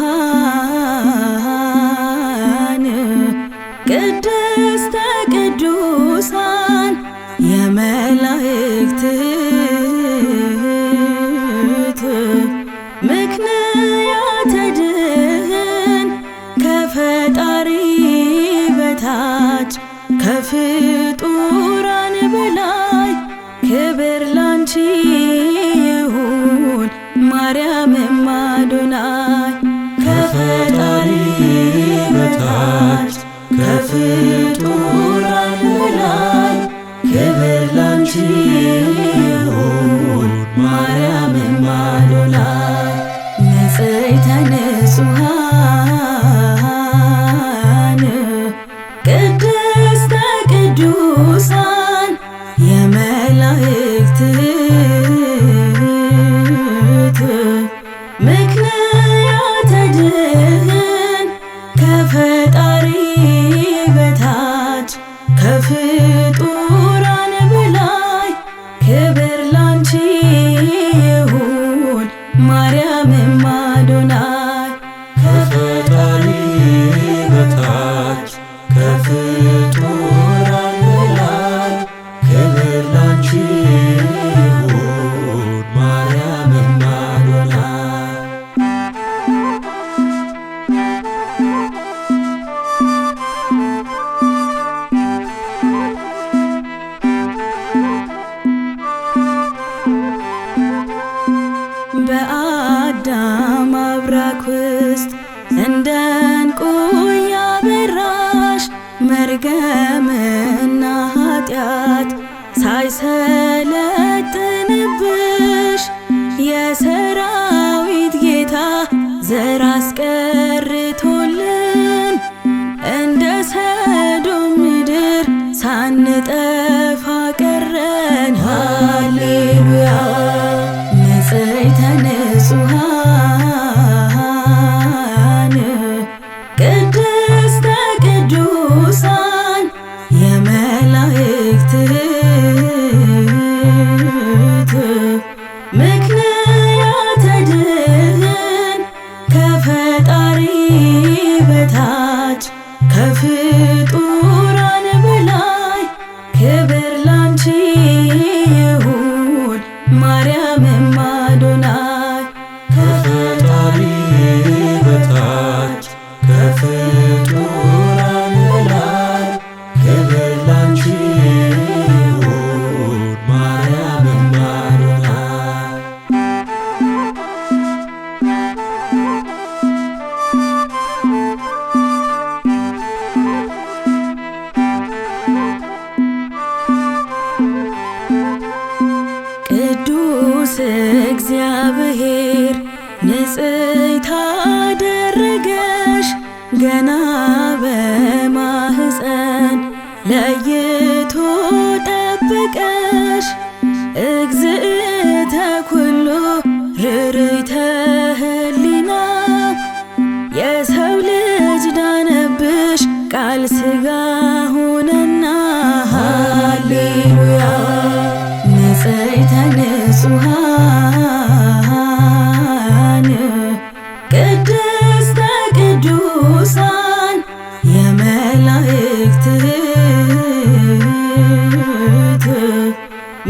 ቅዱሳን ቅድስተ ቅዱሳን የመላእክት ምክንያተ ከፍጡራን በላይ ክብር ላንቺ ይሁን ማርያምም አዶናይ ትሁን ማርያም ማዶላ ንጽሕተ ንጹሐን መርገምና ኃጢአት ሳይሰለጥንብሽ የሰራዊት ጌታ ዘር አስቀርቶልን እንደ ሰዶም ምድር ሳንጠ ገና በማህፀን ለየ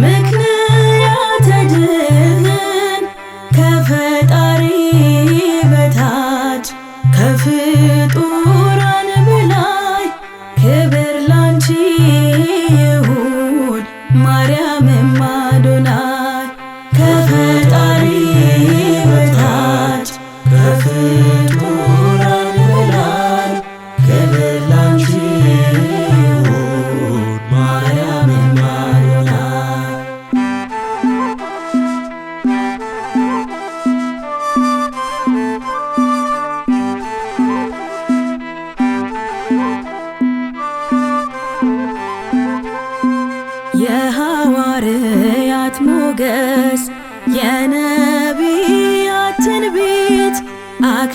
Make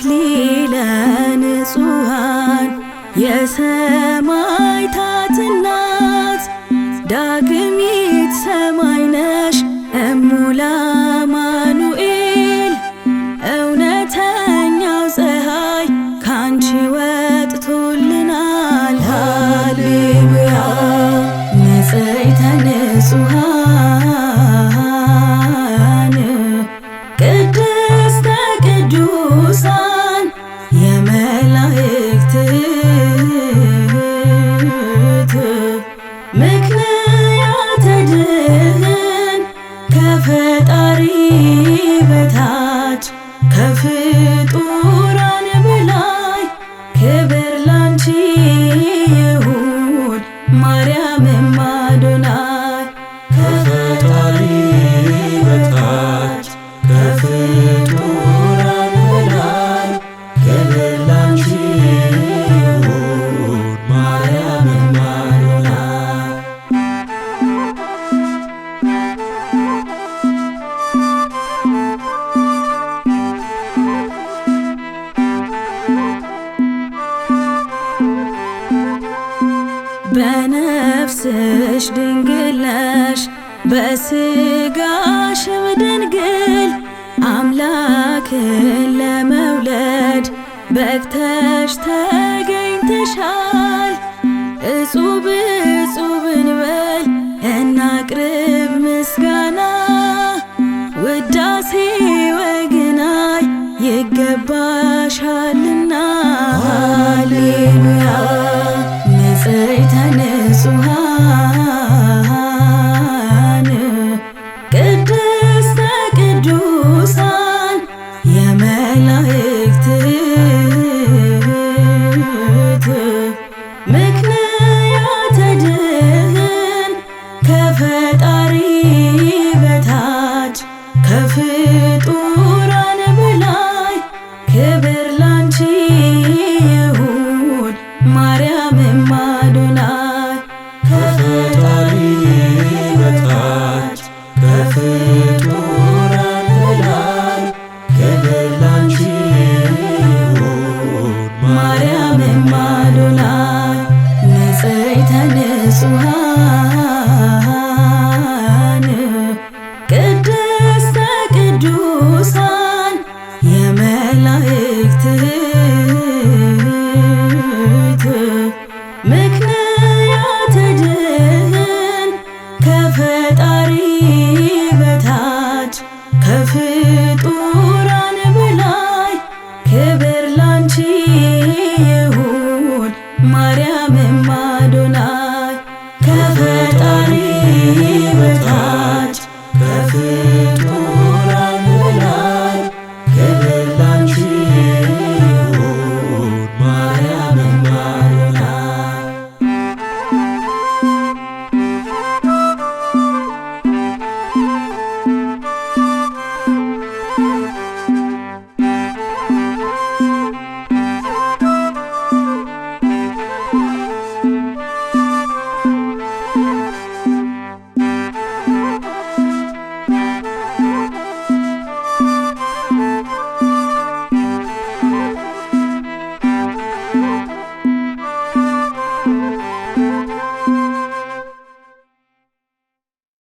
አክሊለ ንጹሃን የሰማዕታት እናት ዳግሚት ሰማይ ነሽ እሙላ ማኑኤል እውነተኛው ፀሐይ ካንቺ ወጥቶልናል። ሃሌሉያ ንጽሕተ ንጹሃን በስጋሽ ድንግል ነሽ በስጋሽም ድንግል አምላክን ለመውለድ በቅተሽ ተገኝተሻል። እጹብ እጹብ እንበል እናቅርብ ምስጋና ውዳሴ ወግናይ ይገባሻል ጽይተ ንጹሃን ቅድስተ ቅዱሳን የመላየ